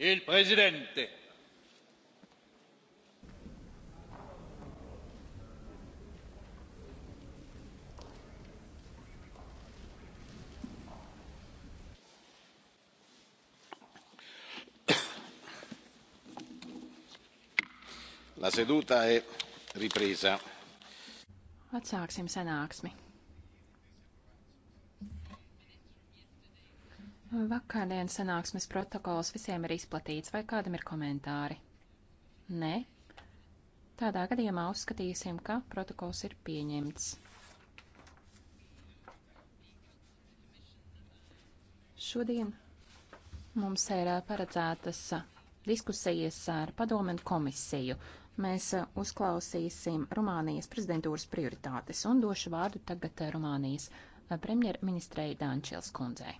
il presidente la seduta è ripresa atsāksim sanāksmi Vakardienas sanāksmes protokols visiem ir izplatīts, vai kādam ir komentāri? Nē. Tādā gadījumā uzskatīsim, ka protokols ir pieņemts. Šodien mums ir paredzētas diskusijas ar padomu un komisiju. Mēs uzklausīsim Rumānijas prezidentūras prioritātes un došu vārdu tagad Rumānijas premjerministrei Dančils kundzei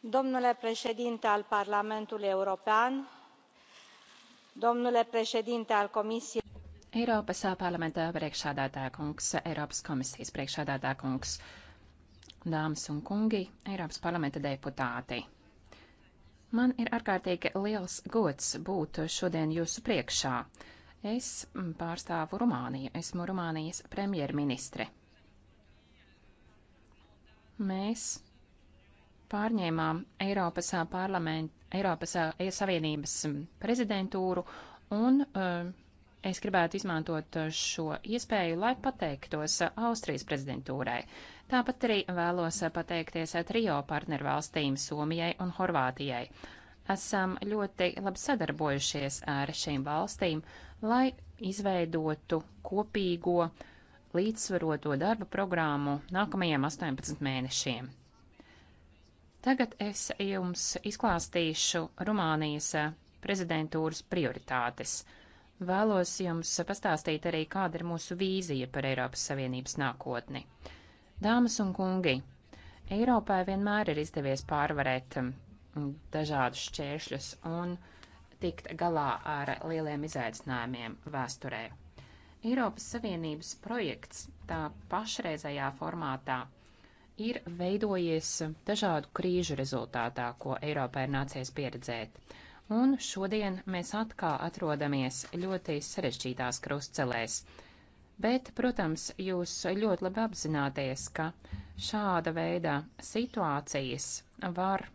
domnule președinte al parlamentului european domnule președinte al comisiei Eiropas parlamenta priekšsādātāja kungs, Eiropas komisijas priekšsādātāja kungs, dāmas un kungi, Eiropas parlamenta deputāti. Man ir ārkārtīgi liels gods būt šodien jūsu priekšā. Es pārstāvu Rumāniju. Esmu Rumānijas premjerministre. Mēs pārņēmām Eiropas, Eiropas Savienības prezidentūru un es gribētu izmantot šo iespēju, lai pateiktos Austrijas prezidentūrai. Tāpat arī vēlos pateikties trio partnervalstīm Somijai un Horvātijai esam ļoti labi sadarbojušies ar šīm valstīm, lai izveidotu kopīgo līdzsvaroto darba programmu nākamajiem 18 mēnešiem. Tagad es jums izklāstīšu Rumānijas prezidentūras prioritātes. Vēlos jums pastāstīt arī, kāda ir mūsu vīzija par Eiropas Savienības nākotni. Dāmas un kungi, Eiropai vienmēr ir izdevies pārvarēt dažādus šķēršļus un tikt galā ar lieliem izaicinājumiem vēsturē. Eiropas Savienības projekts tā pašreizējā formātā ir veidojies dažādu krīžu rezultātā, ko Eiropā ir nācies pieredzēt. Un šodien mēs atkal atrodamies ļoti sarežģītās krustcelēs. Bet, protams, jūs ļoti labi apzināties, ka šāda veida situācijas var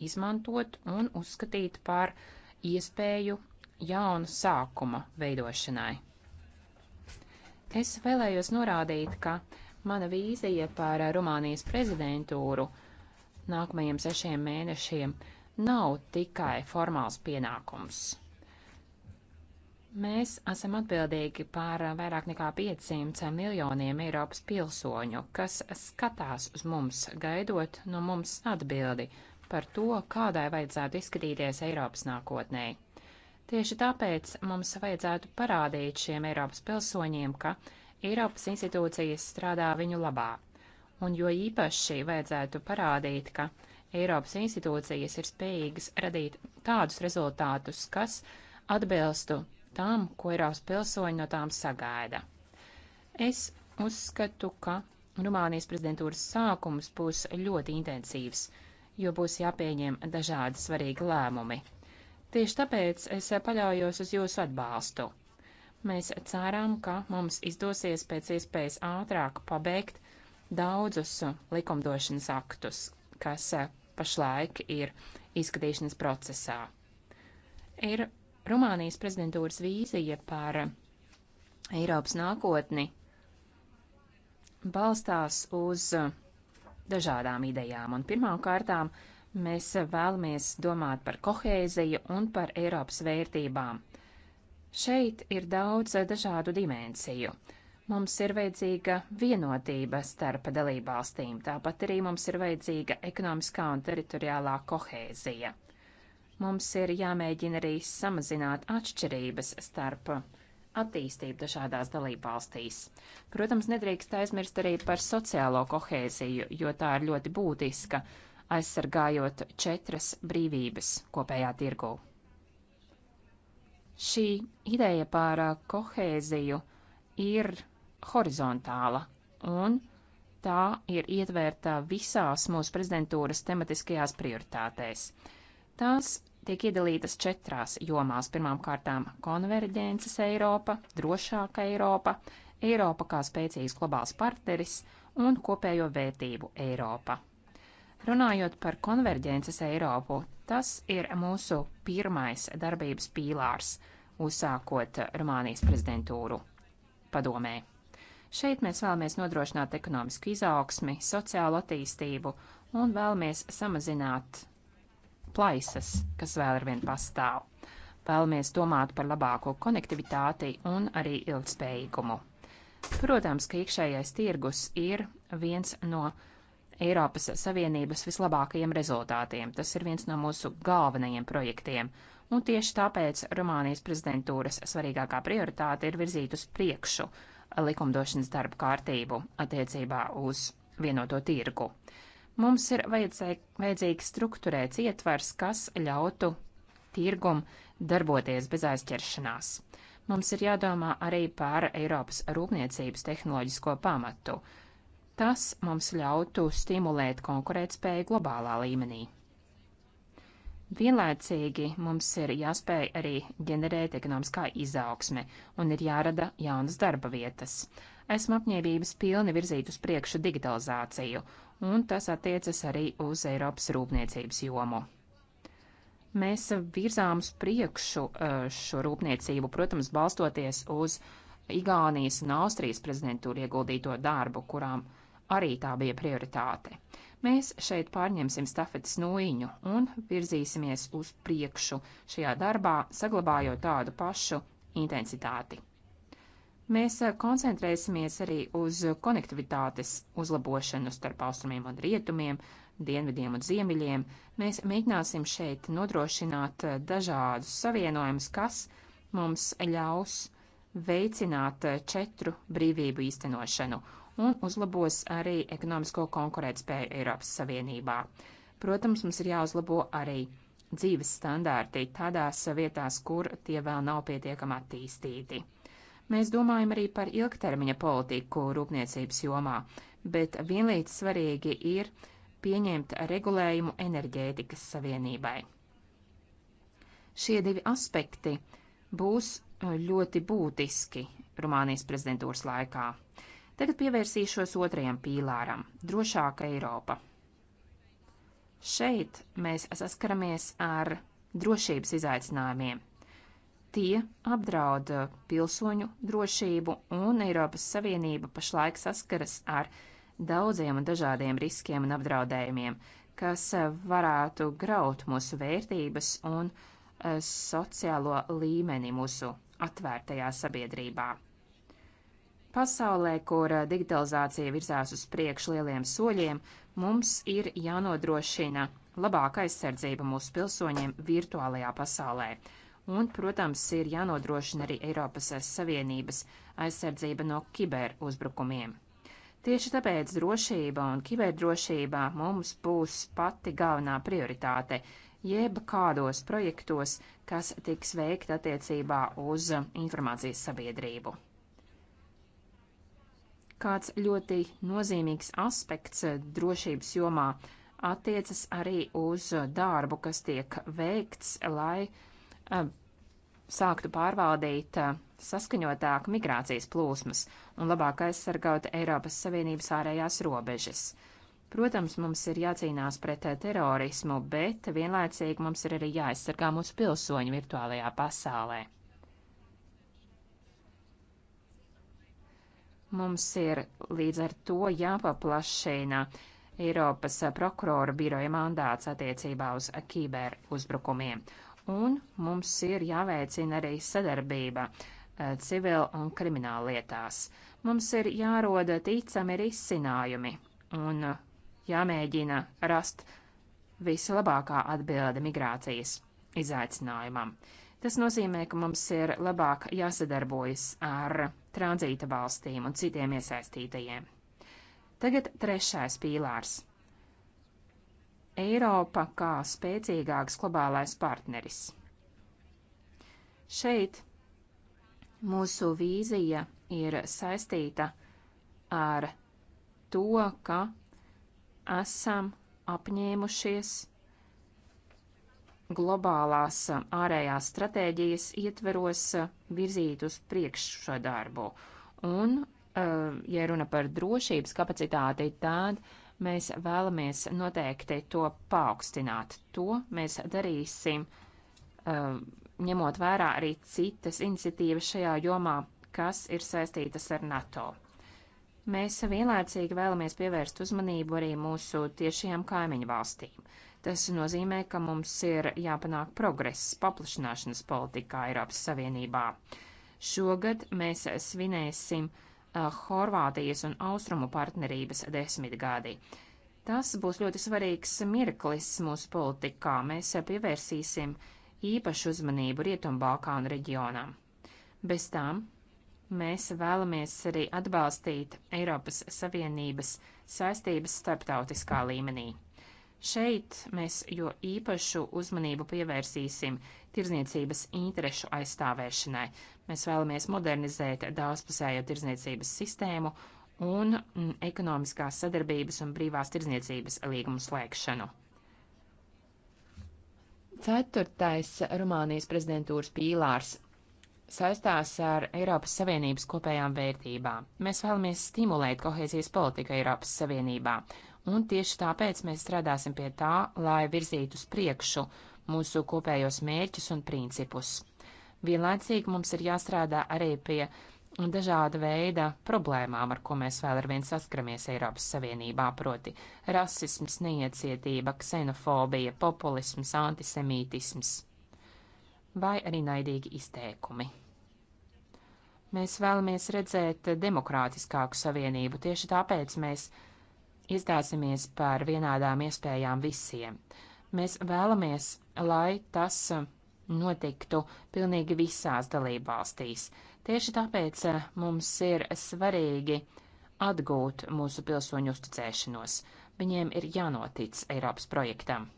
izmantot un uzskatīt par iespēju jaunu sākuma veidošanai. Es vēlējos norādīt, ka mana vīzija par Rumānijas prezidentūru nākamajiem sešiem mēnešiem nav tikai formāls pienākums. Mēs esam atbildīgi par vairāk nekā 500 miljoniem Eiropas pilsoņu, kas skatās uz mums, gaidot no mums atbildi par to, kādai vajadzētu izskatīties Eiropas nākotnē. Tieši tāpēc mums vajadzētu parādīt šiem Eiropas pilsoņiem, ka Eiropas institūcijas strādā viņu labā, un jo īpaši vajadzētu parādīt, ka Eiropas institūcijas ir spējīgas radīt tādus rezultātus, kas atbilstu tam, ko Eiropas pilsoņi no tām sagaida. Es uzskatu, ka Rumānijas prezidentūras sākums būs ļoti intensīvs, jo būs jāpieņem dažādi svarīgi lēmumi. Tieši tāpēc es paļaujos uz jūsu atbalstu. Mēs cerām, ka mums izdosies pēc iespējas ātrāk pabeigt daudzus likumdošanas aktus, kas pašlaik ir izskatīšanas procesā. Ir Rumānijas prezidentūras vīzija par Eiropas nākotni balstās uz dažādām idejām, un pirmām kārtām mēs vēlamies domāt par kohēziju un par Eiropas vērtībām. Šeit ir daudz dažādu dimensiju. Mums ir vajadzīga vienotība starp dalībvalstīm, tāpat arī mums ir vajadzīga ekonomiskā un teritoriālā kohēzija. Mums ir jāmēģina arī samazināt atšķirības starp attīstību dažādās dalībvalstīs. Protams, nedrīkst aizmirst arī par sociālo kohēziju, jo tā ir ļoti būtiska, aizsargājot četras brīvības kopējā tirgū. Šī ideja par kohēziju ir horizontāla un tā ir ietvērta visās mūsu prezidentūras tematiskajās prioritātēs. Tās tiek iedalītas četrās jomās. Pirmkārtām konverģences Eiropa, drošāka Eiropa, Eiropa kā spēcīgs globāls partneris un kopējo vērtību Eiropa. Runājot par konverģences Eiropu, tas ir mūsu pirmais darbības pīlārs, uzsākot Rumānijas prezidentūru padomē. Šeit mēs vēlamies nodrošināt ekonomisku izaugsmi, sociālu attīstību un vēlamies samazināt plaisas, kas vēl ar vien pastāv. Vēlamies domāt par labāko konektivitāti un arī ilgspējīgumu. Protams, ka iekšējais tirgus ir viens no Eiropas Savienības vislabākajiem rezultātiem. Tas ir viens no mūsu galvenajiem projektiem, un tieši tāpēc Rumānijas prezidentūras svarīgākā prioritāte ir virzīt uz priekšu likumdošanas darbu kārtību attiecībā uz vienoto tirgu. Mums ir vajadzīgs struktūrēts ietvars, kas ļautu tirgum darboties bez aizķeršanās. Mums ir jādomā arī par Eiropas rūpniecības tehnoloģisko pamatu. Tas mums ļautu stimulēt konkurētspēju globālā līmenī. Vienlaicīgi mums ir jāspēj arī ģenerēt ekonomiskā izaugsme un ir jārada jaunas darba vietas. Esmu apņēmības pilni virzīt uz priekšu digitalizāciju, un tas attiecas arī uz Eiropas rūpniecības jomu. Mēs virzām uz priekšu uh, šo rūpniecību, protams, balstoties uz Igaunijas un Austrijas prezidentūru ieguldīto darbu, kurām arī tā bija prioritāte. Mēs šeit pārņemsim stafetes nūjiņu un virzīsimies uz priekšu šajā darbā, saglabājot tādu pašu intensitāti. Mēs eh, koncentrēsimies arī uz konektivitātes uzlabošanu starp austrumiem un rietumiem, dienvidiem un ziemeļiem. Mēs mēģināsim šeit nodrošināt eh, dažādus savienojumus, kas mums ļaus veicināt eh, četru brīvību īstenošanu un uzlabos arī ekonomisko konkurētspēju Eiropas Savienībā. Protams, mums ir jāuzlabo arī dzīves standārti tādās vietās, kur tie vēl nav pietiekami attīstīti. Mēs domājam arī par ilgtermiņa politiku rūpniecības jomā, bet vienlīdz svarīgi ir pieņemt regulējumu enerģētikas savienībai. Šie divi aspekti būs uh, ļoti būtiski Rumānijas prezidentūras laikā. Tagad pievērsīšos otrajam pīlāram - drošāka Eiropa. Šeit mēs saskaramies ar drošības izaicinājumiem. Tie apdraud pilsoņu drošību, un Eiropas Savienība pašlaik saskaras ar daudziem un dažādiem riskiem un apdraudējumiem, kas varētu graut mūsu vērtības un eh, sociālo līmeni mūsu atvērtajā sabiedrībā. Pasaulē, kur eh, digitalizācija virzās uz priekšu lieliem soļiem, mums ir jānodrošina labāka aizsardzība mūsu pilsoņiem virtuālajā pasaulē. Un, protams, ir jānodrošina arī Eiropas eh, Savienības aizsardzība no kiberuzbrukumiem. Tieši tāpēc drošība un kiberdrošība mums būs pati galvenā prioritāte, jeb kādos projektos, kas tiks veikt attiecībā uz informācijas sabiedrību. Kāds ļoti nozīmīgs aspekts eh, drošības jomā attiecas arī uz darbu, kas tiek veikts, lai eh, sāktu pārvaldīt eh, saskaņotāk migrācijas plūsmas un labāk aizsargāt Eiropas Savienības ārējās robežas. Protams, mums ir jācīnās pret terorismu, bet vienlaicīgi mums ir arī jāaizsargā mūsu pilsoņi virtuālajā pasaulē. Mums ir līdz ar to jāpaplašina Eiropas prokurora biroja mandāts attiecībā uz kiber uzbrukumiem. Un mums ir jāveicina arī sadarbība eh, civil un krimināla lietās. Mums ir jāroda ticami risinājumi un eh, jāmēģina rast vislabākā atbilde migrācijas izaicinājumam. Tas nozīmē, ka mums ir labāk jāsadarbojas ar tranzīta valstīm un citiem iesaistītajiem. Tagad trešais pīlārs. Eiropa kā spēcīgāks globālais partneris. Šeit mūsu vīzija ir saistīta ar to, ka esam apņēmušies globālās ārējās stratēģijas ietveros virzīt uz priekšu šo darbu. Un, ja runa par drošības kapacitāti, tad mēs vēlamies noteikti to paaugstināt. To mēs darīsim, ņemot vērā arī citas iniciatīvas šajā jomā, kas ir saistītas ar NATO. Mēs vienlaicīgi vēlamies pievērst uzmanību arī mūsu tiešajām kaimiņu valstīm. Tas nozīmē, ka mums ir jāpanāk progress paplašināšanas politikā Eiropas Savienībā. Šogad mēs svinēsim eh, Horvātijas un Austrumu partnerības desmitgadi. Tas būs ļoti svarīgs mirklis mūsu politikā. Mēs pievērsīsim īpašu uzmanību Rietumbalkānu reģionam. Bez tām mēs vēlamies arī atbalstīt Eiropas Savienības saistības starptautiskā līmenī. Šeit mēs jo īpašu uzmanību pievērsīsim tirzniecības interešu aizstāvēšanai. Mēs vēlamies modernizēt daudzpusējo tirzniecības sistēmu un mm, ekonomiskās sadarbības un brīvās tirzniecības līgumu slēgšanu. Ceturtais Rumānijas prezidentūras pīlārs saistās ar Eiropas Savienības kopējām vērtībām. Mēs vēlamies stimulēt kohēzijas politiku Eiropas Savienībā un tieši tāpēc mēs strādāsim pie tā, lai virzītu uz priekšu mūsu kopējos mērķus un principus. Vienlaicīgi mums ir jāstrādā arī pie dažāda veida problēmām, ar ko mēs vēl ar vien saskaramies Eiropas Savienībā, proti rasisms, neiecietība, ksenofobija, populisms, antisemītisms vai arī naidīgi izteikumi. Mēs vēlamies redzēt demokrātiskāku savienību, tieši tāpēc mēs iestāsimies par vienādām iespējām visiem. Mēs vēlamies, lai tas eh, notiktu pilnīgi visās dalībvalstīs. Tieši tāpēc eh, mums ir svarīgi atgūt mūsu pilsoņu uzticēšanos. Viņiem ir jānotic Eiropas projektam.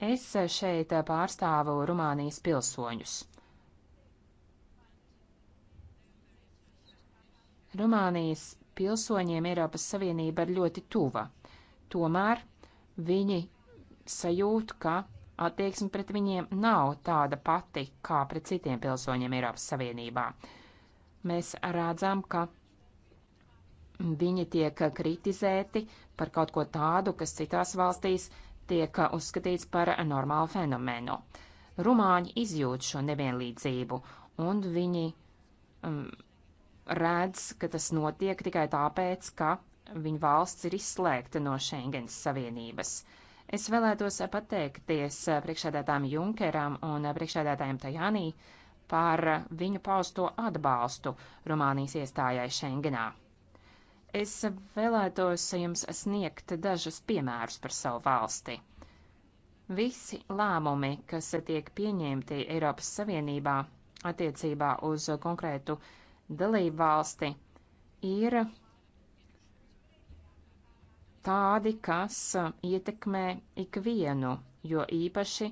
Es eh, šeit pārstāvu Rumānijas pilsoņus. Rumānijas pilsoņiem Eiropas Savienība ir ļoti tuva. Tomēr viņi sajūt, ka attieksme pret viņiem nav tāda pati kā pret citiem pilsoņiem Eiropas Savienībā. Mēs redzam, ka viņi tiek kritizēti par kaut ko tādu, kas citās valstīs tiek uzskatīts par normālu fenomenu. Rumāņi izjūt šo nevienlīdzību, un viņi um, redz, ka tas notiek tikai tāpēc, ka viņa valsts ir izslēgta no Schengens Savienības. Es vēlētos pateikties priekšādātām Junkeram un priekšādātājiem Tajānī par viņu pausto atbalstu Rumānijas iestājai Schengenā. Es vēlētos jums sniegt dažus piemērus par savu valsti. Visi lēmumi, kas tiek pieņemti Eiropas Savienībā attiecībā uz konkrētu dalību valsti ir tādi, kas ietekmē ikvienu, jo īpaši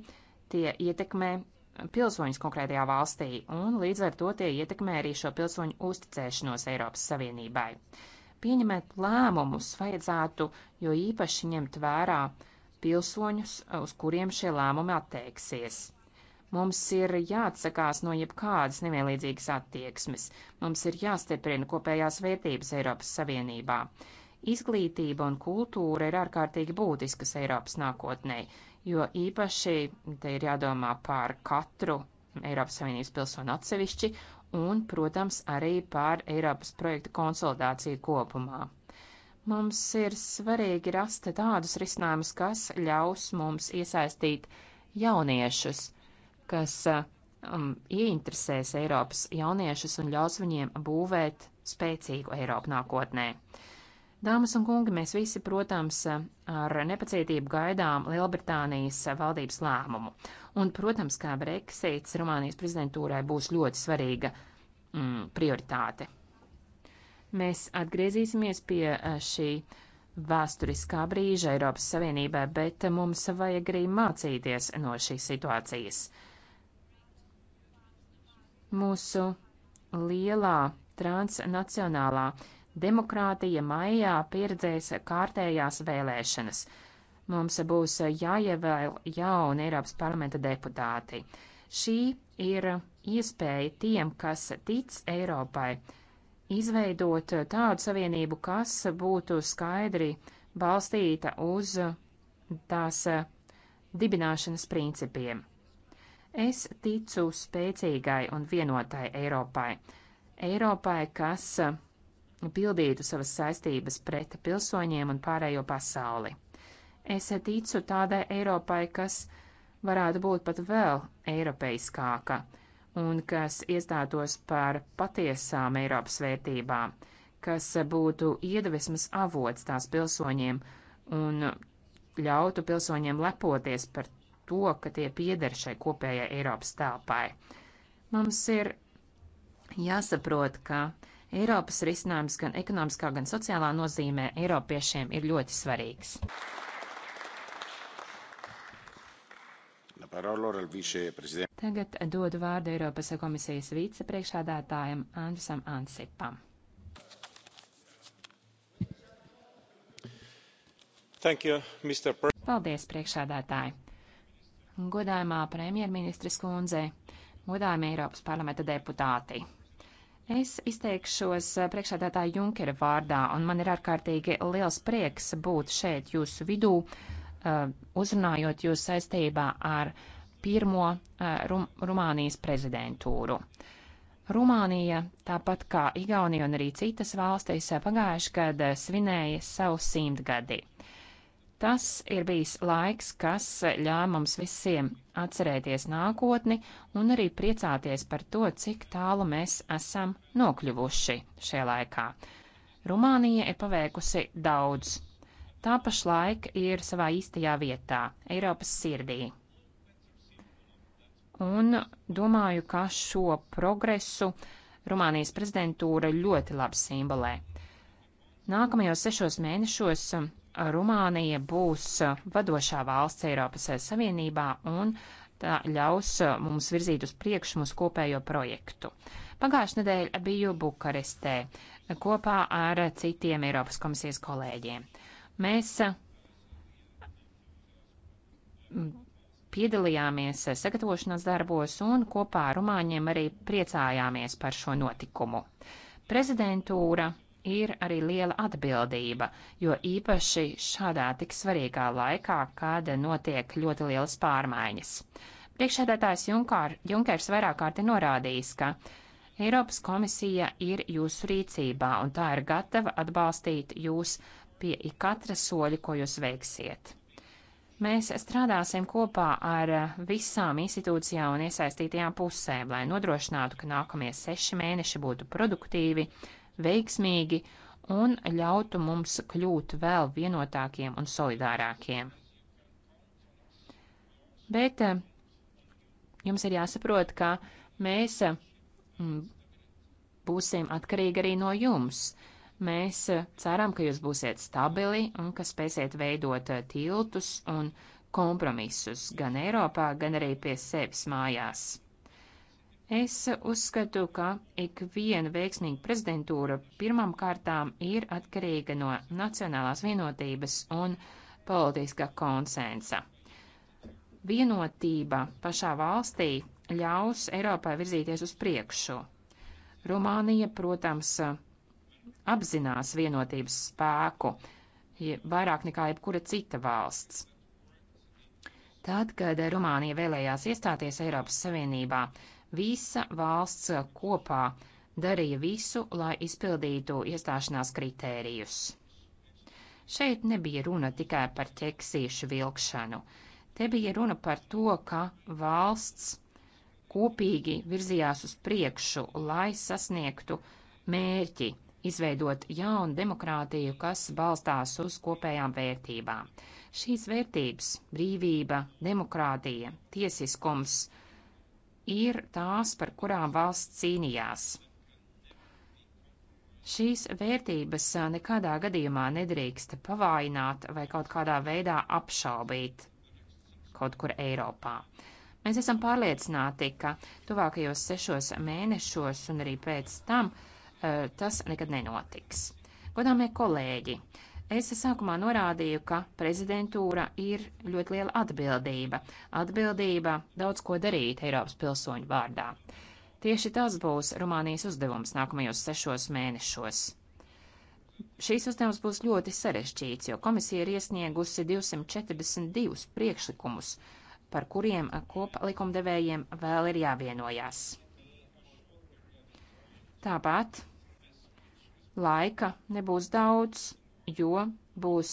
tie ietekmē pilsoņus konkrētajā valstī, un līdz ar to tie ietekmē arī šo pilsoņu uzticēšanos Eiropas Savienībai. Pieņemēt lēmumus vajadzētu jo īpaši ņemt vērā pilsoņus, uz kuriem šie lēmumi attieksies. Mums ir jāatsakās no jebkādas nevienlīdzīgas attieksmes. Mums ir jāstiprina kopējās vērtības Eiropas Savienībā. Izglītība un kultūra ir ārkārtīgi būtiskas Eiropas nākotnē, jo īpaši te ir jādomā par katru Eiropas Savienības pilsonu atsevišķi un, protams, arī par Eiropas projektu konsolidāciju kopumā. Mums ir svarīgi rast tādus risinājumus, kas ļaus mums iesaistīt jauniešus kas um, ieinteresēs Eiropas jauniešus un ļaus viņiem būvēt spēcīgu Eiropu nākotnē. Dāmas un kungi, mēs visi, protams, ar nepacietību gaidām Lielbritānijas valdības lēmumu. Un, protams, kā Brexits Rumānijas prezidentūrai būs ļoti svarīga mm, prioritāte. Mēs atgriezīsimies pie eh, šī vēsturiskā brīža Eiropas Savienībā, bet mums vajag arī mācīties no šīs situācijas. Mūsu lielā transnacionālā demokrātija maijā pieredzēs kārtējās vēlēšanas. Mums būs jāievēl jauni Eiropas parlamenta deputāti. Šī ir iespēja tiem, kas tic Eiropai, izveidot tādu savienību, kas būtu skaidri balstīta uz tās dibināšanas principiem. Es ticu spēcīgai un vienotai Eiropai. Eiropai, kas pildītu savas saistības pret pilsoņiem un pārējo pasauli. Es ticu tādai Eiropai, kas varētu būt pat vēl eiropeiskāka un kas iestātos par patiesām Eiropas vērtībām, kas būtu iedvesmas avots tās pilsoņiem un ļautu pilsoņiem lepoties par to, ka tie pieder šai kopējai Eiropas telpai. Mums ir jāsaprot, ka Eiropas risinājums gan ekonomiskā, gan sociālā nozīmē Eiropiešiem ir ļoti svarīgs. Tagad dodu vārdu Eiropas komisijas vicepriekšādātājam Andrisam Ansipam. You, Paldies, priekšādātāji! godājumā premjerministres kundze, godājumie Eiropas parlamenta deputāti. Es izteikšos eh, priekšādātāja Junkera vārdā, un man ir ārkārtīgi liels prieks būt šeit jūsu vidū, eh, uzrunājot jūs saistībā ar pirmo eh, Rum Rumānijas prezidentūru. Rumānija, tāpat kā Igaunija un arī citas valstis, pagājuši gadu svinēja savu simtgadi. Tas ir bijis laiks, kas ļāva mums visiem atcerēties nākotni un arī priecāties par to, cik tālu mēs esam nokļuvuši šajā laikā. Rumānija ir paveikusi daudz. Tā pašlaik ir savā īstajā vietā, Eiropas sirdī. Un domāju, ka šo progresu Rumānijas prezidentūra ļoti labi simbolē. Nākamajos sešos mēnešos Rumānija būs eh, vadošā valsts Eiropas eh, Savienībā un tā ļaus eh, mums virzīt uz priekšu mūsu kopējo projektu. Pagājušajā nedēļā biju Bukarestē kopā ar citiem Eiropas komisijas kolēģiem. Mēs piedalījāmies sagatavošanās darbos un kopā ar Rumāņiem arī priecājāmies par šo notikumu. Prezidentūra ir arī liela atbildība, jo īpaši šādā tik svarīgā laikā, kad notiek ļoti lielas pārmaiņas. Priekšsēdētājs Junkers vairāk kārti norādījis, ka Eiropas komisija ir jūsu rīcībā un tā ir gatava atbalstīt jūs pie ikatra soļa, ko jūs veiksiet. Mēs strādāsim kopā ar visām institūcijām un iesaistītajām pusēm, lai nodrošinātu, ka nākamie seši mēneši būtu produktīvi veiksmīgi un ļautu mums kļūt vēl vienotākiem un solidārākiem. Bet eh, jums ir jāsaprot, ka mēs mm, būsim atkarīgi arī no jums. Mēs eh, ceram, ka jūs būsiet stabili un ka spēsiet veidot eh, tiltus un kompromisus gan Eiropā, gan arī pie sevis mājās. Es uzskatu, ka ikviena veiksmīga prezidentūra pirmām kārtām ir atkarīga no nacionālās vienotības un politiskā konsensa. Vienotība pašā valstī ļaus Eiropai virzīties uz priekšu. Rumānija, protams, apzinās vienotības spēku vairāk nekā jebkura cita valsts. Tad, kad Rumānija vēlējās iestāties Eiropas Savienībā, Visa valsts kopā darīja visu, lai izpildītu iestāšanās kritērijus. Šeit nebija runa tikai par ķeksīšu vilkšanu. Te bija runa par to, ka valsts kopīgi virzījās uz priekšu, lai sasniegtu mērķi izveidot jaunu demokrātiju, kas balstās uz kopējām vērtībām. Šīs vērtības - brīvība, demokrātija, tiesiskums ir tās, par kurām valsts cīnījās. Šīs vērtības eh, nekādā gadījumā nedrīkst pavājināt vai kaut kādā veidā apšaubīt kaut kur Eiropā. Mēs esam pārliecināti, ka tuvākajos sešos mēnešos un arī pēc tam uh, tas nekad nenotiks. Godāmie kolēģi, uh, Es sākumā norādīju, ka prezidentūra ir ļoti liela atbildība. Atbildība daudz ko darīt Eiropas pilsoņu vārdā. Tieši tas būs Rumānijas uzdevums nākamajos sešos mēnešos. Šīs uzdevums būs ļoti sarežģīts, jo komisija ir iesniegusi 242 priekšlikumus, par kuriem koplikumdevējiem vēl ir jāvienojās. Tāpat laika nebūs daudz jo būs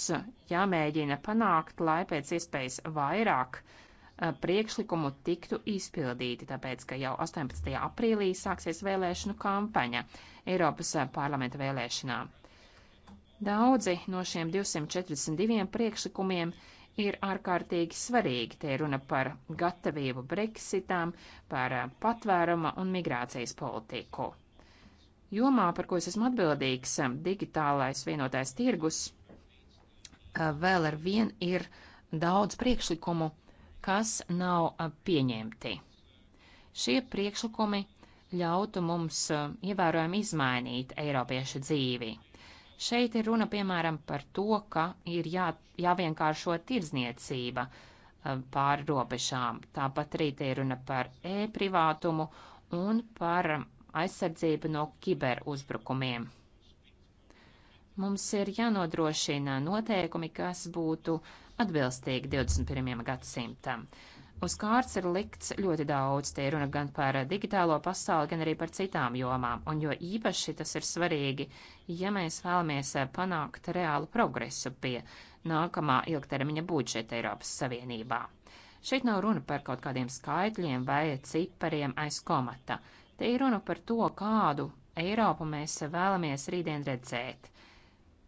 jāmēģina panākt, lai pēc iespējas vairāk eh, priekšlikumu tiktu izpildīti, tāpēc, ka jau 18. aprīlī sāksies vēlēšanu kampaņa Eiropas eh, parlamenta vēlēšanām. Daudzi no šiem 242 priekšlikumiem ir ārkārtīgi svarīgi. Te runa par gatavību Brexitam, par eh, patvēruma un migrācijas politiku jomā, par ko es esmu atbildīgs, um, digitālais vienotais tirgus, uh, vēl ar vien ir daudz priekšlikumu, kas nav uh, pieņemti. Šie priekšlikumi ļautu mums uh, ievērojami izmainīt Eiropiešu dzīvi. Šeit ir runa piemēram par to, ka ir jā, jāvienkāršo tirdzniecība pāri robežām. Tāpat arī te ir runa par e-privātumu un par um, aizsardzība no kiberuzbrukumiem. Mums ir jānodrošina noteikumi, kas būtu atbilstīgi 21. gadsimtam. Uz kārts ir likts ļoti daudz, tie runa gan par digitālo pasauli, gan arī par citām jomām, un jo īpaši tas ir svarīgi, ja mēs vēlamies panākt reālu progresu pie nākamā ilgtermiņa budžeta Eiropas Savienībā. Šeit nav runa par kaut kādiem skaitļiem vai cipariem aiz komata. Te ir runa par to, kādu Eiropu mēs vēlamies rītdien redzēt.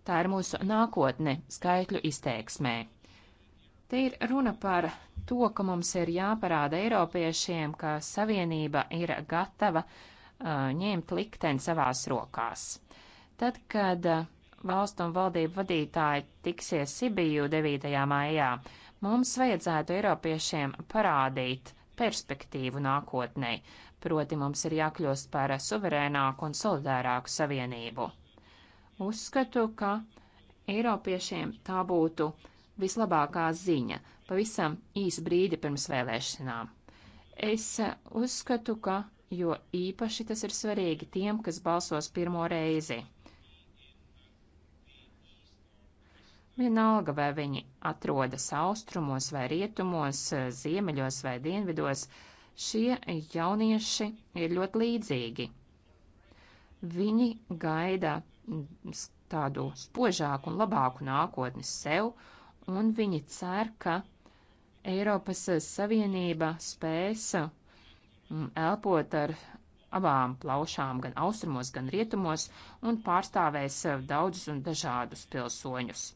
Tā ir mūsu nākotne skaitļu izteiksmē. Te ir runa par to, ka mums ir jāparāda Eiropiešiem, ka Savienība ir gatava uh, ņemt likteni savās rokās. Tad, kad uh, valstu un valdību vadītāji tiksies Sibiju 9. maijā, mums vajadzētu Eiropiešiem parādīt perspektīvu nākotnē proti mums ir jākļūst par suverēnāku un solidārāku savienību. Uzskatu, ka Eiropiešiem tā būtu vislabākā ziņa pavisam īsu brīdi pirms vēlēšanām. Es uzskatu, ka jo īpaši tas ir svarīgi tiem, kas balsos pirmo reizi. Vienalga, vai viņi atrodas austrumos vai rietumos, ziemeļos vai dienvidos, uh, Šie jaunieši ir ļoti līdzīgi. Viņi gaida tādu spožāku un labāku nākotni sev, un viņi cer, ka Eiropas Savienība spēs mm, elpot ar abām plaušām, gan austrumos, gan rietumos, un pārstāvēs daudzus un dažādus pilsoņus.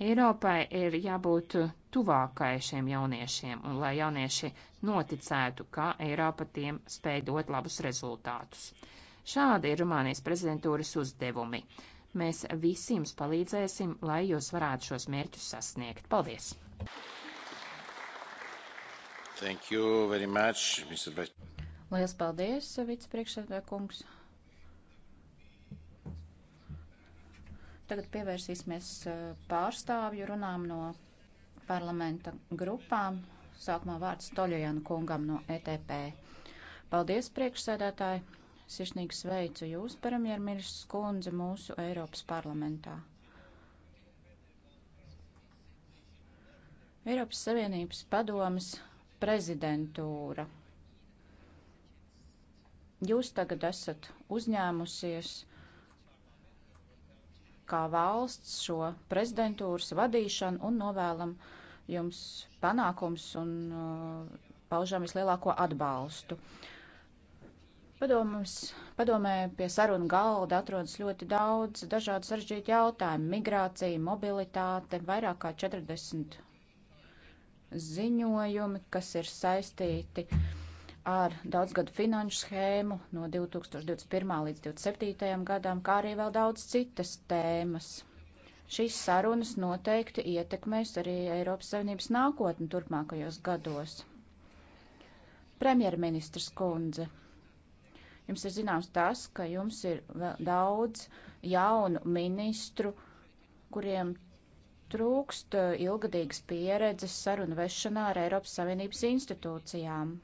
Eiropai ir jābūt tuvākai šiem jauniešiem, un lai jaunieši noticētu, ka Eiropa tiem spēj dot labus rezultātus. Šādi ir Rumānijas prezidentūras uzdevumi. Mēs visi jums palīdzēsim, lai jūs varētu šos mērķus sasniegt. Paldies! Thank you very much, Mr. Vice. Lielas paldies, vicepriekšsēdētāj kungs. Tagad pievērsīsimies eh, pārstāvju runām no parlamenta grupām. Sākumā vārds Toļojana kungam no ETP. Paldies, priekšsēdētāji! Sirsnīgi sveicu jūs, premjerministrs kundze, mūsu Eiropas parlamentā. Eiropas Savienības padomas prezidentūra. Jūs tagad esat uzņēmusies kā valsts šo prezidentūras vadīšanu un novēlam jums panākums un uh, paužam vislielāko atbalstu. Padomus, padomē pie sarunu galda atrodas ļoti daudz dažādu sarežģītu jautājumu - migrācija, mobilitāte, vairāk kā 40 ziņojumi, kas ir saistīti uh, ar daudzgadu finanšu schēmu no 2021. līdz 2027. gadam, kā arī vēl daudz citas tēmas. Šīs sarunas noteikti ietekmēs arī Eiropas Savienības nākotni turpmākajos gados. Premjerministrs Kundze, jums ir zināms tas, ka jums ir vēl daudz jaunu ministru, kuriem trūkst uh, ilgadīgas pieredzes sarunu vešanā ar Eiropas Savienības institūcijām.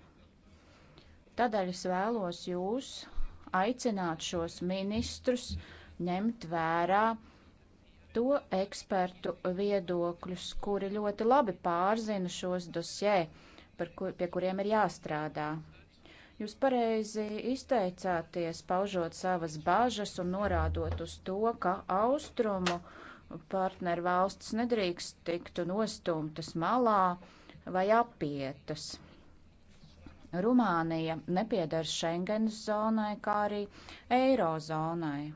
Tādēļ es vēlos jūs aicināt šos ministrus ņemt vērā to ekspertu viedokļus, kuri ļoti labi pārzina šos dosjē, kur, pie kuriem ir jāstrādā. Jūs pareizi izteicāties, paužot savas bažas un norādot uz to, ka austrumu partneru valstis nedrīkst tikt nostumtas malā vai apietas. Rumānija nepiedar Schengenas zonai, kā arī Eirozonai.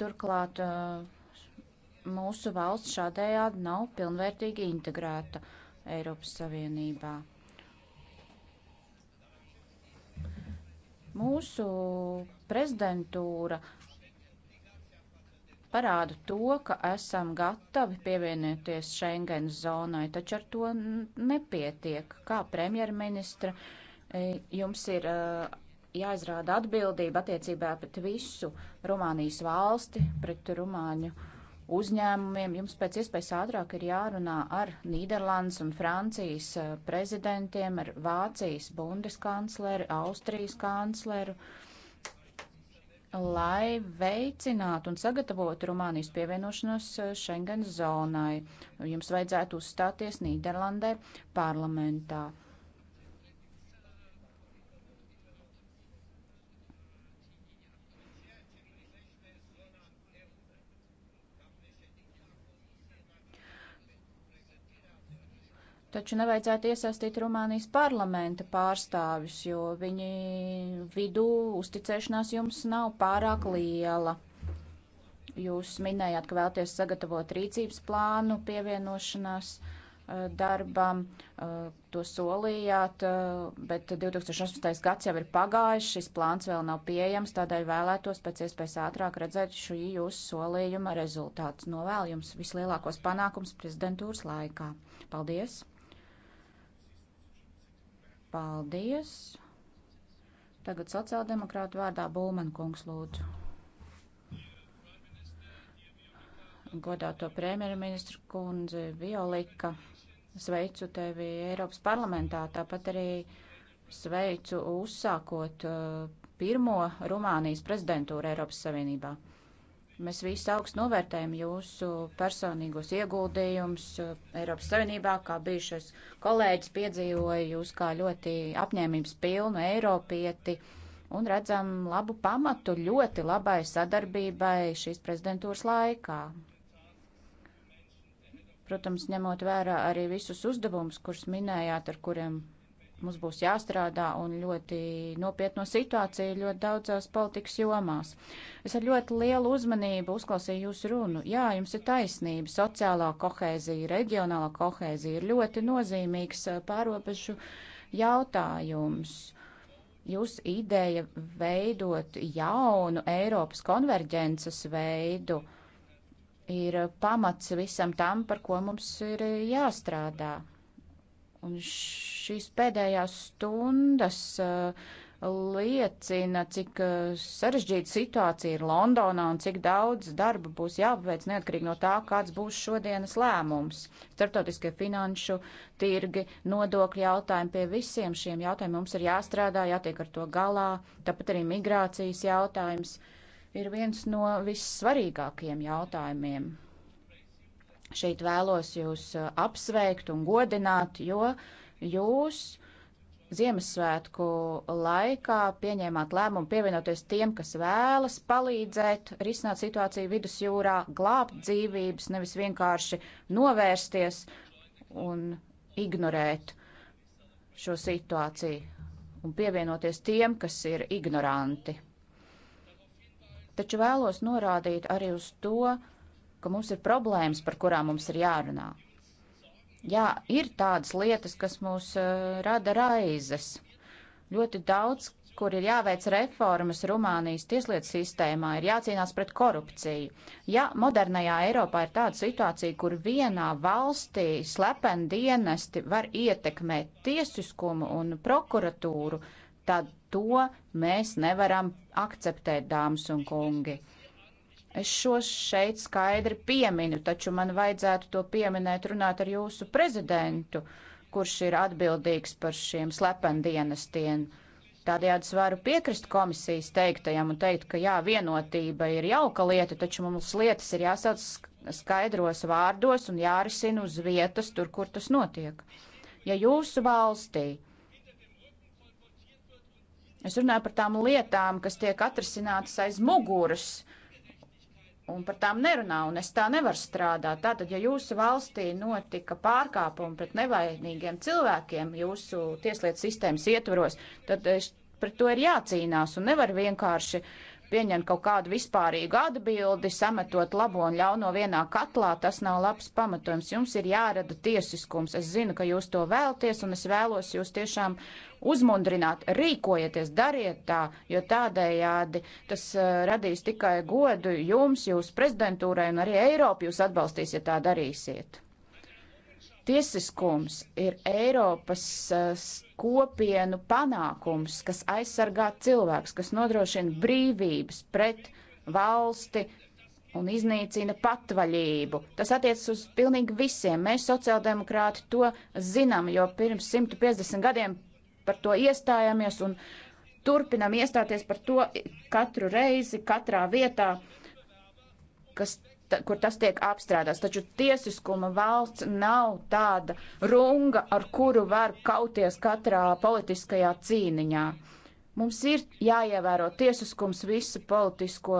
Turklāt eh, mūsu valsts šādējādi nav pilnvērtīgi integrēta Eiropas Savienībā. Mūsu prezidentūra uh, parāda to, ka esam gatavi pievienoties Schengen zonai, taču ar to nepietiek. Kā premjerministra e, jums ir e, jāizrāda atbildība attiecībā pret visu Rumānijas valsti, pret Rumāņu uzņēmumiem. Jums pēc iespējas ātrāk ir jārunā ar Nīderlandes un Francijas e, prezidentiem, ar Vācijas bundeskancleru, Austrijas kancleru. Uh, lai veicinātu un sagatavotu Rumānijas pievienošanos eh, Schengen zonai. Jums vajadzētu uzstāties Nīderlandē parlamentā. Taču nevajadzētu iesaistīt Rumānijas parlamenta pārstāvis, jo viņi vidū uzticēšanās jums nav pārāk liela. Jūs minējāt, ka vēlties sagatavot rīcības plānu pievienošanās eh, darbam, eh, to solījāt, eh, bet 2018. gads jau ir pagājis, šis plāns vēl nav pieejams, tādēļ vēlētos pēc iespējas ātrāk redzēt šī jūsu solījuma rezultātus. Novēlu jums vislielākos panākums prezidentūras laikā. Paldies! Paldies! Tagad sociāldemokrāta vārdā Būman kungs lūdzu. Godāto premjerministru kundzi Violika, sveicu tevi Eiropas parlamentā, tāpat arī sveicu uzsākot uh, pirmo Rumānijas prezidentūru Eiropas Savienībā. Mēs visi augstu novērtējam jūsu personīgos ieguldījumus uh, Eiropas Savienībā, kā bijušais kolēģis piedzīvoja jūs kā ļoti apņēmības pilnu Eiropieti un redzam labu pamatu ļoti labai sadarbībai šīs prezidentūras laikā. Protams, ņemot vērā arī visus uzdevumus, kurus minējāt, ar kuriem Mums būs jāstrādā un ļoti nopietno situāciju ļoti daudzās politikas jomās. Es ar ļoti lielu uzmanību uzklausīju jūsu runu. Jā, jums ir taisnība. Sociālā kohēzija, reģionālā kohēzija ir ļoti nozīmīgs pārobežu jautājums. Jūsu ideja veidot jaunu Eiropas konverģences veidu ir pamats visam tam, par ko mums ir jāstrādā. Un šīs pēdējās stundas uh, liecina, cik uh, sarežģīta situācija ir Londonā un cik daudz darba būs jāpaveic neatkarīgi no tā, kāds būs šodienas lēmums. Startautiskie finanšu tirgi, nodokļu jautājumi pie visiem šiem jautājumiem mums ir jāstrādā, jātiek ar to galā, tāpat arī migrācijas jautājums ir viens no vissvarīgākajiem jautājumiem šeit vēlos jūs uh, apsveikt un godināt, jo jūs Ziemassvētku laikā pieņēmāt lēmumu pievienoties tiem, kas vēlas palīdzēt risināt situāciju vidusjūrā, glābt dzīvības, nevis vienkārši novērsties un ignorēt šo situāciju un pievienoties tiem, kas ir ignoranti. Taču vēlos norādīt arī uz to, ka mums ir problēmas, par kurām mums ir jārunā. Jā, ir tādas lietas, kas mūs uh, rada raizes. Ļoti daudz, kur ir jāveic reformas Rumānijas tieslietu sistēmā, ir jācīnās pret korupciju. Ja modernajā Eiropā ir tāda situācija, kur vienā valstī slepeni dienesti var ietekmēt tiesiskumu un prokuratūru, tad to mēs nevaram akceptēt, dāmas un kungi. Es šo šeit skaidri pieminu, taču man vajadzētu to pieminēt runāt ar jūsu prezidentu, kurš ir atbildīgs par šiem slependienestiem. Tādējādi es varu piekrist komisijas teiktajam un teikt, ka jā, vienotība ir jauka lieta, taču mums lietas ir jāsauc skaidros vārdos un jārisina uz vietas, tur, kur tas notiek. Ja jūsu valstī Es runāju par tām lietām, kas tiek atrisinātas aiz muguras, uh, un par tām nerunā, un es tā nevaru strādāt. Tātad, ja jūsu valstī notika pārkāpumi pret nevainīgiem cilvēkiem jūsu tieslietu sistēmas ietvaros, tad pret to ir jācīnās un nevar vienkārši uh, pieņemt kaut kādu vispārīgu atbildi, sametot labo un ļauno vienā katlā, tas nav labs pamatojums. Jums ir jārada tiesiskums. Es zinu, ka jūs to vēlties, un es vēlos jūs tiešām uzmundrināt, rīkojieties, dariet tā, jo tādējādi tas eh, radīs tikai godu jums, jūsu prezidentūrai un arī Eiropu jūs atbalstīsiet, ja tā darīsiet. Tiesiskums ir Eiropas uh, kopienu panākums, kas aizsargā cilvēks, kas nodrošina brīvības pret valsti un iznīcina patvaļību. Tas attiecas uz pilnīgi visiem. Mēs sociāldemokrāti to zinām, jo pirms 150 gadiem par to iestājāmies un turpinam iestāties par to katru reizi, katrā vietā, kas kur tas tiek apstrādāts. Taču tiesiskuma valsts nav tāda runga, ar kuru var kauties katrā politiskajā cīniņā. Mums ir jāievēro tiesiskums visu politisko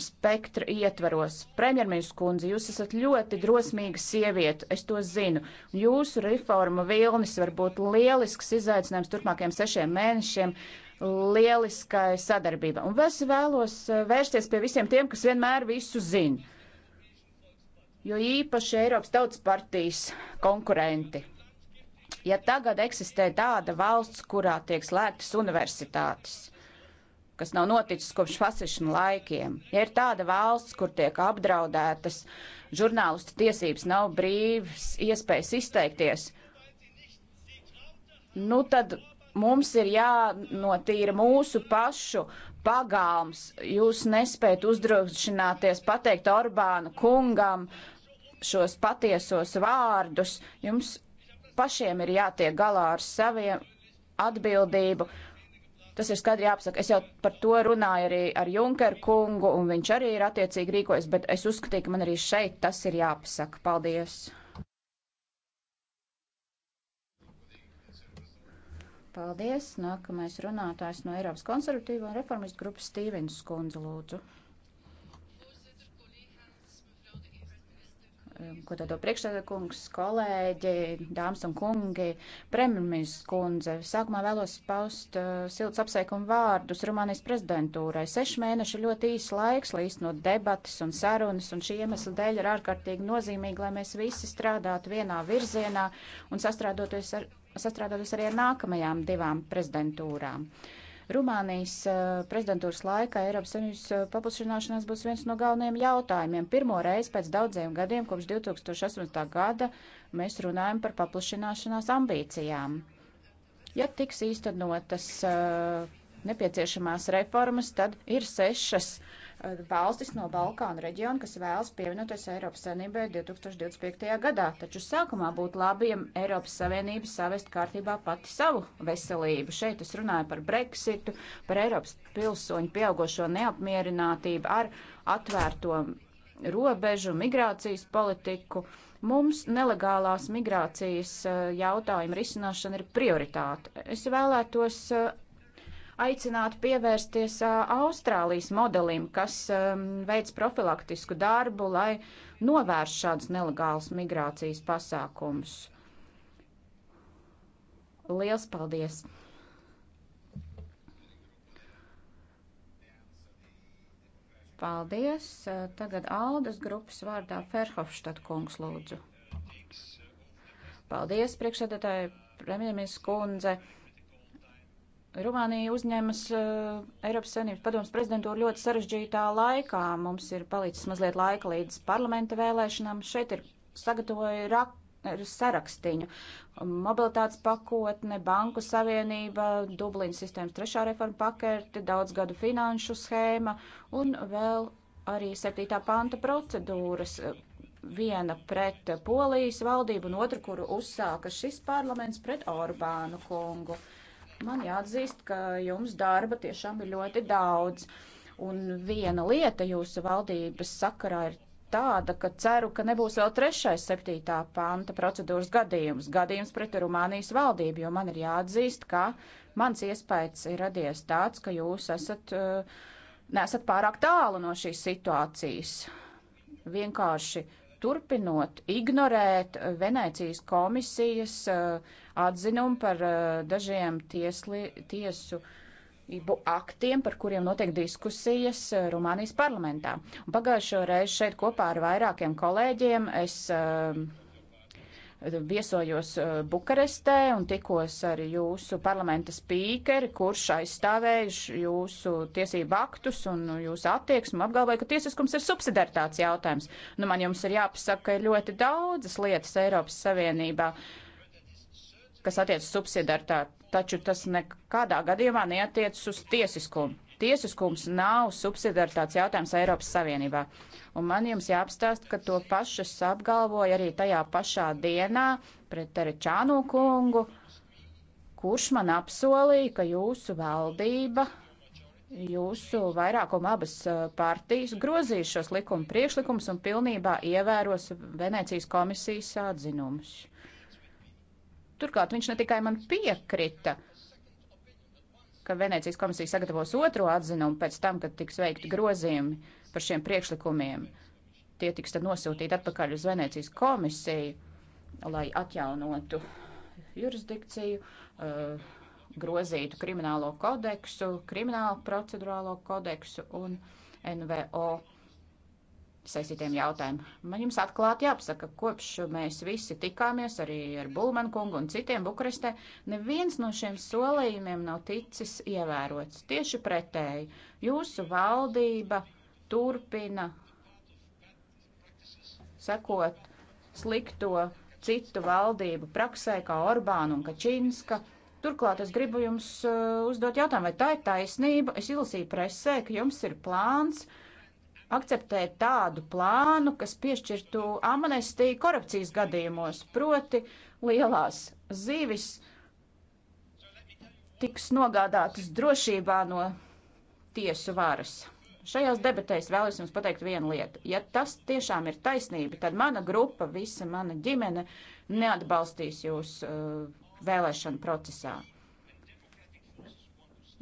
spektra ietveros. Premjerministrs kundze, jūs esat ļoti drosmīga sieviete, es to zinu. Jūsu reforma vilnis var būt lielisks izaicinājums turpmākajiem sešiem mēnešiem. Uh, lieliskai sadarbībai. Un es vēlos eh, vērsties pie visiem tiem, kas vienmēr visu zina, jo īpaši Eiropas Tautas partijas konkurenti. Ja tagad eksistē tāda valsts, kurā tiek slēgtas universitātes, kas nav noticis kopš fasišanu laikiem. Ja ir tāda valsts, kur tiek apdraudētas žurnālistu tiesības, nav brīvas iespējas izteikties, nu tad mums ir jānotīra mūsu pašu pagāms. Jūs nespējat uzdrošināties pateikt Orbāna kungam šos patiesos vārdus. Jums pašiem ir jātiek galā ar saviem atbildību. Tas ir skaidri jāpasaka. Es jau par to runāju arī ar Junkeru kungu, un viņš arī ir attiecīgi rīkojas, bet es uzskatīju, ka man arī šeit tas ir jāpasaka. Paldies! Paldies. Nākamais runātājs no Eiropas konservatīvā reformistu grupas Stīvens Skundze lūdzu. ko tādo priekšstādā kungs, kolēģi, dāmas un kungi, premjerministrs kundze. Sākumā vēlos paust uh, silts apsveikumu vārdus Rumānijas prezidentūrai. Seši mēneši ir ļoti īs laiks, lai īstenot debatas un sarunas, un šī iemesla dēļ ir ārkārtīgi nozīmīgi, lai mēs visi strādātu vienā virzienā un sastrādoties ar sastrādāties arī ar nākamajām divām prezidentūrām. Rumānijas eh, prezidentūras laikā Eiropas Savienības eh, paplašināšanās būs viens no galvenajiem jautājumiem. Pirmo reizi pēc daudziem gadiem, kopš 2018. gada, mēs runājam par paplašināšanās ambīcijām. Ja tiks īstenotas eh, nepieciešamās reformas, tad ir sešas uh, valstis no Balkānu reģiona, kas vēlas pievienoties Eiropas Savienībai 2025. gadā. Taču sākumā būtu labi, ja Eiropas Savienība savest kārtībā pati savu veselību. Šeit es runāju par Brexitu, par Eiropas pilsoņu pieaugošo neapmierinātību ar atvērto robežu, migrācijas politiku. Mums nelegālās migrācijas jautājuma risināšana ir prioritāte. Es vēlētos aicinātu pievērsties Austrālijas modelim, kas veids profilaktisku darbu, lai novērš šādas nelegālas migrācijas pasākumus. Liels paldies! Paldies! Tagad Aldas grupas vārdā Ferhofštad kungs lūdzu. Paldies, priekšsēdētāji, premjerministrs kundze. Rumānija uzņemas uh, Eiropas Savienības padomus prezidentūru ļoti sarežģītā laikā. Mums ir palicis mazliet laika līdz parlamenta vēlēšanām. Šeit ir sagatavoja rak, sarakstiņu. Mobilitātes pakotne, banku savienība, Dublīna sistēmas trešā reforma pakete, daudzgadu finanšu schēma un vēl arī septītā panta procedūras. Viena pret Polijas valdību un otra, kuru uzsāka šis parlaments pret Orbānu kungu. Uh, man jāatzīst, ka jums darba tiešām ir ļoti daudz. Un viena lieta jūsu valdības sakarā ir tāda, ka ceru, ka nebūs vēl trešais septītā panta procedūras gadījums, gadījums pret Rumānijas valdību, jo man ir jāatzīst, ka mans iespējas ir radies tāds, ka jūs esat, eh, nesat pārāk tālu no šīs situācijas. Vienkārši uh, turpinot ignorēt Venecijas komisijas uh, atzinumu par uh, dažiem tiesli, tiesu aktiem, par kuriem notiek diskusijas uh, Rumānijas parlamentā. Un pagājušo reizi šeit kopā ar vairākiem kolēģiem es viesojos eh, Bukarestē un tikos ar jūsu parlamenta spīkeri, kurš aizstāvējuši jūsu tiesību aktus un jūsu attieksmi, apgalvoja, ka tiesiskums ir subsidaritāts jautājums. Nu, man jums ir jāpasaka, ka ir ļoti daudzas lietas Eiropas Savienībā, kas attiec subsidaritāti, taču tas nekādā gadījumā neatiec uz tiesiskumu. Tiesiskums nav subsidiaritāts jautājums Eiropas Savienībā. Un man jums jāapstāst, ka to pašu apgalvoja arī tajā pašā dienā pret Terečānu kungu, kurš man apsolīja, ka jūsu valdība jūsu vairākuma abas uh, partijas grozīs šos likuma priekšlikumus un pilnībā ievēros Venecijas komisijas atzinumus. Turklāt viņš ne tikai man piekrita, ka Venecijas komisija sagatavos otro atzinumu pēc tam, kad tiks veikti grozījumi par šiem priekšlikumiem. Tie tiks tad nosūtīti atpakaļ uz Venecijas komisiju, lai atjaunotu jurisdikciju, eh, grozītu kriminālo kodeksu, kriminālu procedurālo kodeksu un NVO saistītiem jautājumiem. Man jums atklāti jāpasaka, kopš mēs visi tikāmies arī ar Bulmanu kungu un citiem Bukarestē, neviens no šiem solījumiem nav ticis ievērots. Tieši pretēji, jūsu valdība turpina sekot slikto citu valdību praksē, kā Orbāna un Kačinska, Turklāt es gribu jums uh, uzdot jautājumu, vai tā ir taisnība. Es izlasīju presē, ka jums ir plāns uh, akceptēt tādu plānu, kas piešķirtu amnestiju korupcijas gadījumos, proti lielās zīvis tiks nogādātas drošībā no tiesu varas. Šajās debatēs vēlos jums pateikt vienu lietu. Ja tas tiešām ir taisnība, tad mana grupa, visa mana ģimene neatbalstīs jūs uh, vēlēšanu procesā.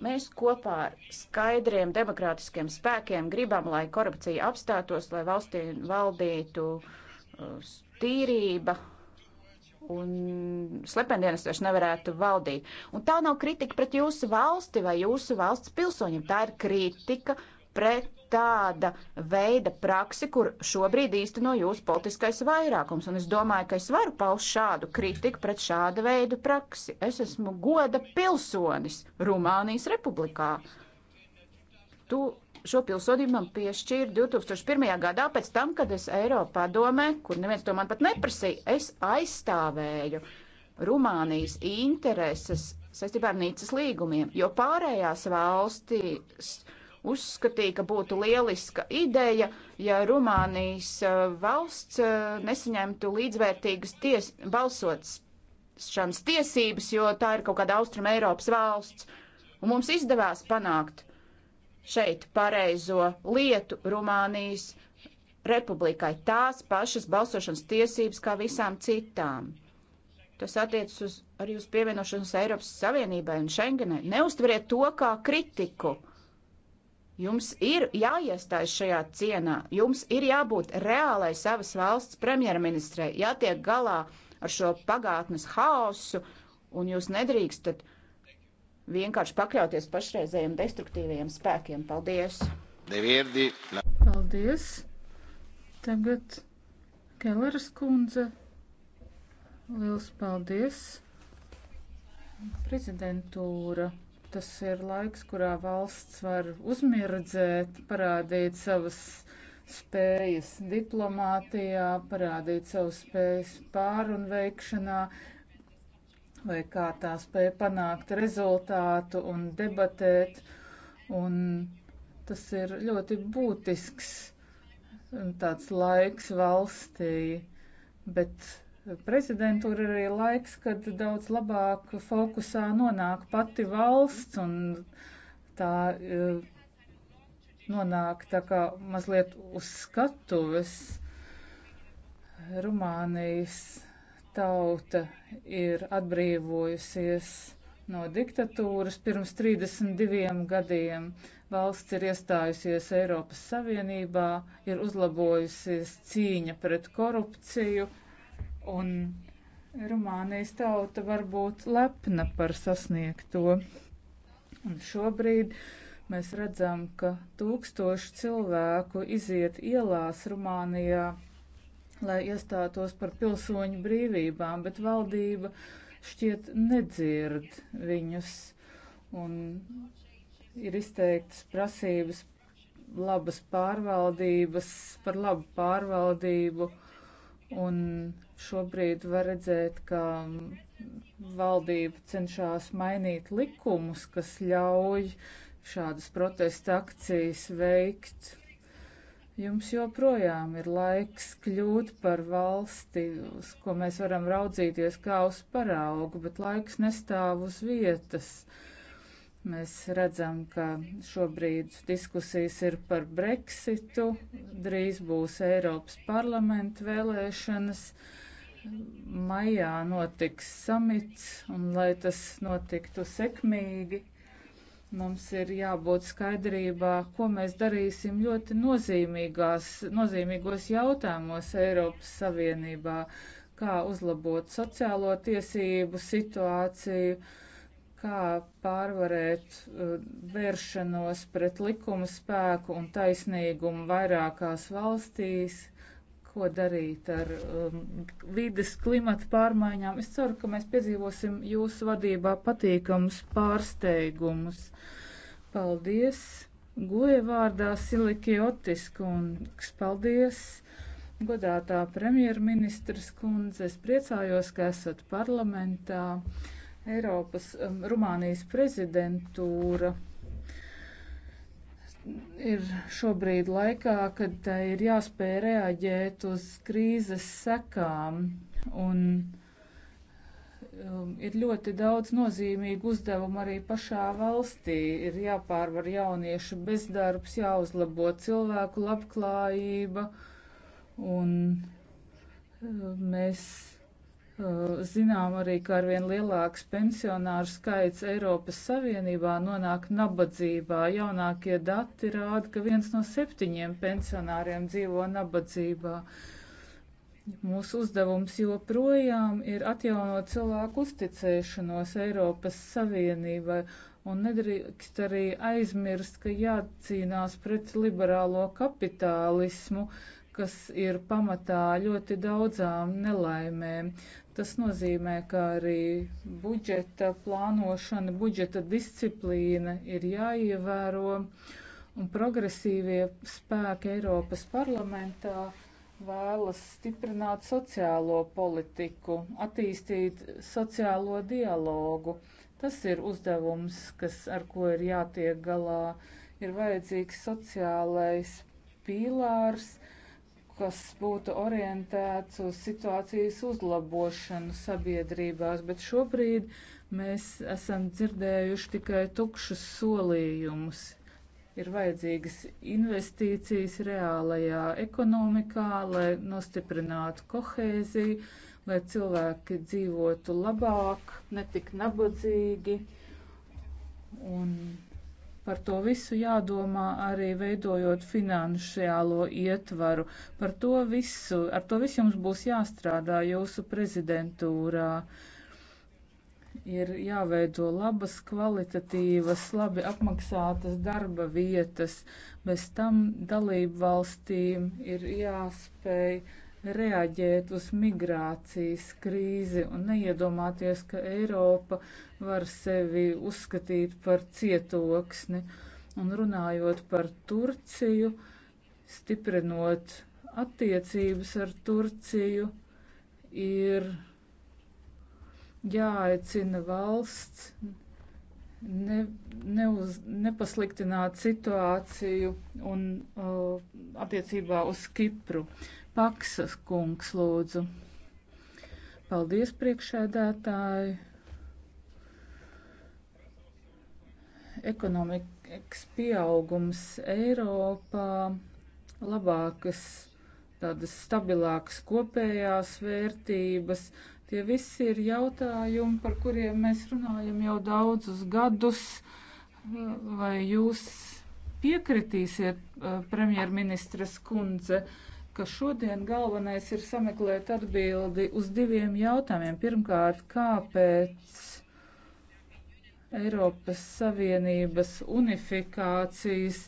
Mēs kopā ar skaidriem demokrātiskiem spēkiem gribam, lai korupcija apstātos, lai valstī valdītu uh, tīrība un slependienas vairs nevarētu valdīt. Un tā nav kritika pret jūsu valsti vai jūsu valsts pilsoņiem, tā ir kritika pret tāda veida praksi, kur šobrīd īsteno jūsu politiskais vairākums. Un es domāju, ka es varu paust šādu kritiku pret šāda veida praksi. Es esmu goda pilsonis Rumānijas republikā. Tu šo pilsonību man piešķīra 2001. gadā pēc tam, kad es Eiropā domē, kur neviens to man pat neprasīja, es aizstāvēju Rumānijas intereses saistībā ar Nīcas līgumiem, jo pārējās valstis uzskatīja, ka būtu lieliska ideja, ja Rumānijas uh, valsts uh, nesaņemtu līdzvērtīgas ties, balsošanas tiesības, jo tā ir kaut kāda Austrum Eiropas valsts. Un mums izdevās panākt šeit pareizo lietu Rumānijas republikai tās pašas balsošanas tiesības kā visām citām. Tas attiecas uz arī uz pievienošanos Eiropas Savienībai un Schengenai. Neustveriet to kā kritiku. Uh, Jums ir jāiestājas šajā cienā, jums ir jābūt reālai savas valsts premjerministrei, jātiek galā ar šo pagātnes haosu, un jūs nedrīkstat vienkārši pakļauties pašreizējiem destruktīvajiem spēkiem. Paldies! Devierdi. Paldies! Tagad Kelleras kundze. Liels paldies! Prezidentūra. Tas ir laiks, kurā valsts var uzmirdzēt, parādīt savas spējas diplomātijā, parādīt savas spējas pārunveikšanā, vai kā tā spēja panākt rezultātu un debatēt. Un tas ir ļoti būtisks tāds laiks valstī, bet prezidentūra ir arī laiks, kad daudz labāk fokusā nonāk pati valsts un tā eh, nonāk tā kā mazliet uz skatuves. Rumānijas tauta ir atbrīvojusies no diktatūras pirms 32 gadiem. Valsts ir iestājusies Eiropas Savienībā, ir uzlabojusies cīņa pret korupciju, Un Rumānijas tauta var būt lepna par sasniegto. Un šobrīd mēs redzam, ka tūkstoši cilvēku iziet ielās Rumānijā, lai iestātos par pilsoņu brīvībām, bet valdība šķiet nedzird viņus un ir izteiktas prasības labas pārvaldības, par labu pārvaldību Un šobrīd var redzēt, ka valdība cenšas mainīt likumus, kas ļauj šādas protesta akcijas veikt. Jums joprojām ir laiks kļūt par valsti, uz ko mēs varam raudzīties kā uz paraugu, bet laiks nestāv uz vietas. Uh, Mēs redzam, ka šobrīd diskusijas ir par Brexitu, drīz būs Eiropas parlamenta vēlēšanas, maijā notiks samits, un lai tas notiktu sekmīgi, mums ir jābūt skaidrībā, ko mēs darīsim ļoti nozīmīgos jautājumos Eiropas Savienībā, kā uzlabot sociālo tiesību situāciju kā pārvarēt uh, vēršanos pret likumu spēku un taisnīgumu vairākās valstīs, ko darīt ar um, vides klimata pārmaiņām. Es ceru, ka mēs piedzīvosim jūsu vadībā patīkamus pārsteigumus. Paldies! Goja vārdā Silikiotis kungs, paldies! Godātā premjerministras kundze, es priecājos, ka esat parlamentā. Eiropas um, Rumānijas prezidentūra ir šobrīd laikā, kad tai ir jāspēj reaģēt uz krīzes sekām. Un um, ir ļoti daudz nozīmīgu uzdevumu arī pašā valstī. Ir jāpārvar jauniešu bezdarbs, jāuzlabo cilvēku labklājība. Un um, mēs Eh, zinām arī, ka arvien lielāks pensionāru skaits Eiropas Savienībā nonāk nabadzībā. Jaunākie dati rāda, ka viens no septiņiem pensionāriem dzīvo nabadzībā. Mūsu uzdevums joprojām ir atjaunot cilvēku uzticēšanos Eiropas Savienībai un nedrīkst arī aizmirst, ka jācīnās pret liberālo kapitālismu, kas ir pamatā ļoti daudzām nelaimēm. Tas nozīmē, ka arī budžeta plānošana, budžeta disciplīna ir jāievēro, un progresīvie spēki Eiropas parlamentā vēlas stiprināt sociālo politiku, attīstīt sociālo dialogu. Tas ir uzdevums, kas, ar ko ir jātiek galā. Ir vajadzīgs sociālais pīlārs, kas būtu orientēts uz situācijas uzlabošanu sabiedrībās, bet šobrīd mēs esam dzirdējuši tikai tukšus solījumus. Ir vajadzīgas investīcijas reālajā ekonomikā, lai nostiprinātu kohēziju, lai cilvēki dzīvotu labāk, netik nabadzīgi. Un Par to visu jādomā arī veidojot finansiālo ietvaru. Par to visu, ar to visu jums būs jāstrādā jūsu prezidentūrā. Ir jāveido labas, kvalitatīvas, labi apmaksātas darba vietas. Bez tam dalību valstīm ir jāspēj reaģēt uz migrācijas krīzi un neiedomāties, ka Eiropa var sevi uzskatīt par cietoksni. Un runājot par Turciju, stiprinot attiecības ar Turciju, ir jāaicina valsts ne, neuz, nepasliktināt situāciju un uh, attiecībā uz Kipru. Paksas kungs lūdzu. Paldies priekšēdētāji. Ekonomikas pieaugums Eiropā, labākas, tādas stabilākas kopējās vērtības, uh, Tie visi ir jautājumi, par kuriem mēs runājam jau daudzus gadus. Vai jūs piekritīsiet, eh, premjerministres kundze, ka šodien galvenais ir sameklēt atbildi uz diviem jautājumiem. Pirmkārt, kāpēc Eiropas Savienības unifikācijas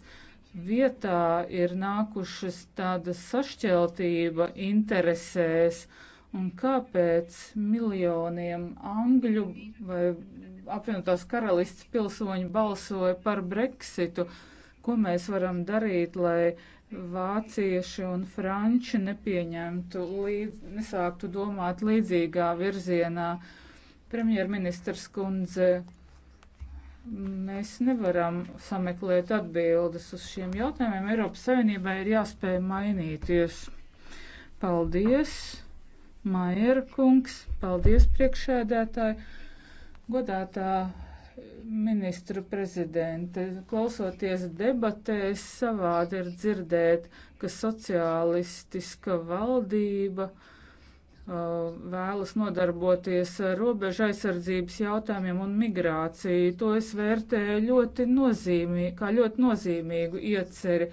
vietā ir nākušas tāda sašķeltība interesēs? Uh, Un kāpēc miljoniem angļu vai apvienotās karalists pilsoņu balsoja par Brexitu? Ko mēs varam darīt, lai vācieši un franči nepieņemtu līdz, nesāktu domāt līdzīgā virzienā? Premjerministrs kundze, mēs nevaram sameklēt atbildes uz šiem jautājumiem. Eiropas Savienībai ir jāspēj mainīties. Paldies! Maier kungs, paldies priekšēdētāji, godātā ministru prezidente. Klausoties debatēs, savādi ir dzirdēt, ka sociālistiska valdība uh, vēlas nodarboties ar robežu aizsardzības jautājumiem un migrāciju. To es vērtēju ļoti nozīmīgi, kā ļoti nozīmīgu ieceri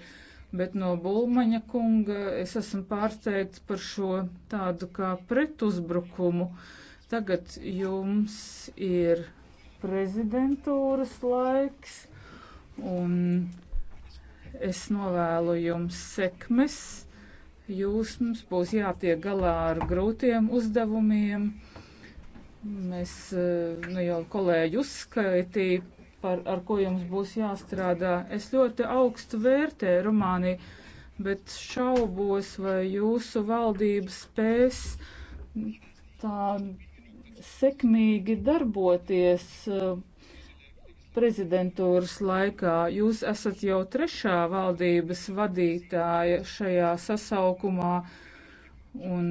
bet no Bulmaņa kunga es esmu pārsteigts par šo tādu kā pretuzbrukumu. Tagad jums ir prezidentūras laiks, un es novēlu jums sekmes. Jūs mums būs jātiek galā ar grūtiem uzdevumiem. Mēs eh, nu, jau kolēģi uzskaitīja par, ar ko jums būs jāstrādā. Es ļoti augstu vērtēju Rumāniju, bet šaubos, vai jūsu valdība spēs tā sekmīgi darboties eh, prezidentūras laikā. Jūs esat jau trešā valdības vadītāja šajā sasaukumā. Un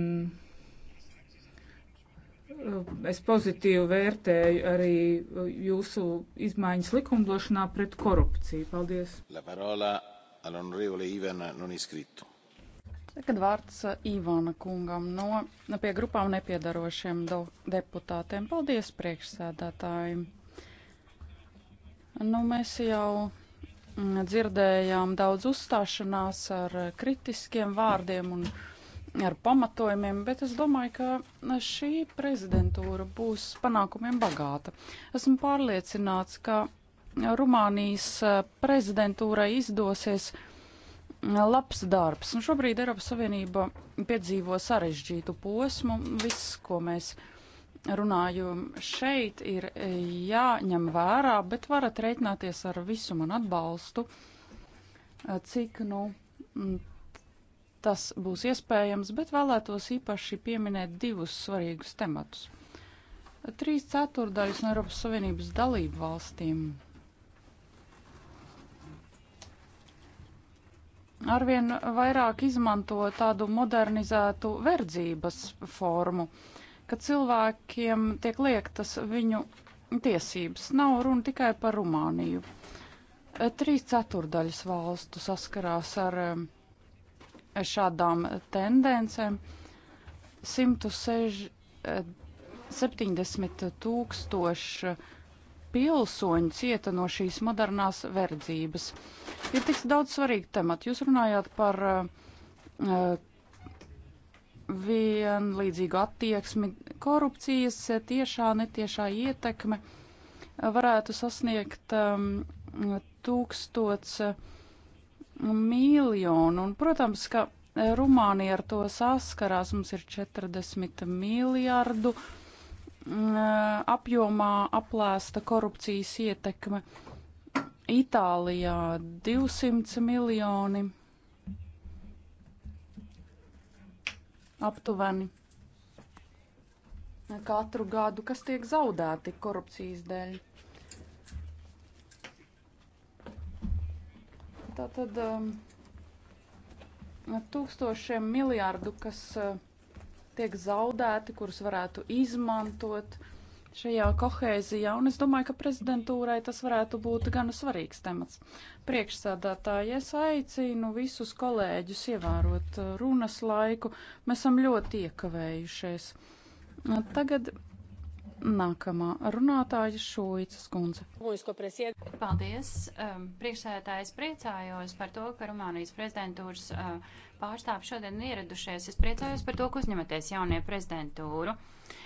es pozitīvi vērtēju arī jūsu izmaiņas likumdošanā pret korupciju. Paldies! La parola all'onorevole Ivana non iscritto. Tagad vārds uh, Ivana kungam no pie grupām nepiedarošiem deputātiem. Paldies priekšsēdētājiem. Nu, mēs jau mm, dzirdējām daudz uzstāšanās ar uh, kritiskiem vārdiem un vārdiem ar pamatojumiem, bet es domāju, ka šī prezidentūra būs panākumiem bagāta. Esmu pārliecināts, ka Rumānijas eh, prezidentūrai izdosies eh, labs darbs. Un šobrīd Eiropas Savienība piedzīvo sarežģītu posmu. Viss, ko mēs runājam šeit, ir eh, jāņem vērā, bet varat reiķināties ar visu manu atbalstu, cik nu tas būs iespējams, bet vēlētos īpaši pieminēt divus svarīgus tematus. Trīs ceturdaļas no Eiropas Savienības dalību valstīm arvien vairāk izmanto tādu modernizētu verdzības formu, ka cilvēkiem tiek liektas viņu tiesības. Nav runa tikai par Rumāniju. Trīs ceturdaļas valstu saskarās ar um, šādām tendencēm. 170 tūkstoši pilsoņi cieta no šīs modernās verdzības. Ir tik daudz svarīgi temati. Jūs runājāt par uh, vienlīdzīgu attieksmi, korupcijas tiešā, netiešā ietekme varētu sasniegt um, tūkstots. Uh, miljonu. Un, protams, ka e, Rumānija ar to saskarās. Mums ir 40 miljardu mm, e, apjomā aplēsta korupcijas ietekme. Itālijā 200 miljoni aptuveni katru gadu, kas tiek zaudēti korupcijas dēļ. Tātad um, tūkstošiem miljārdu, kas uh, tiek zaudēti, kurus varētu izmantot šajā kohēzijā. Un es domāju, ka prezidentūrai tas varētu būt gan svarīgs temats. Priekšsādātāji, es aicinu visus kolēģus ievērot uh, runas laiku. Mēs esam ļoti iekavējušies. Tagad Nākamā runātāja Šūicas kundze. Paldies. Um, priekšsēdētājs priecājos par to, ka Rumānijas prezidentūras uh, pārstāvi šodien ieradušies. Es priecājos par to, ka uzņematies jaunie prezidentūru.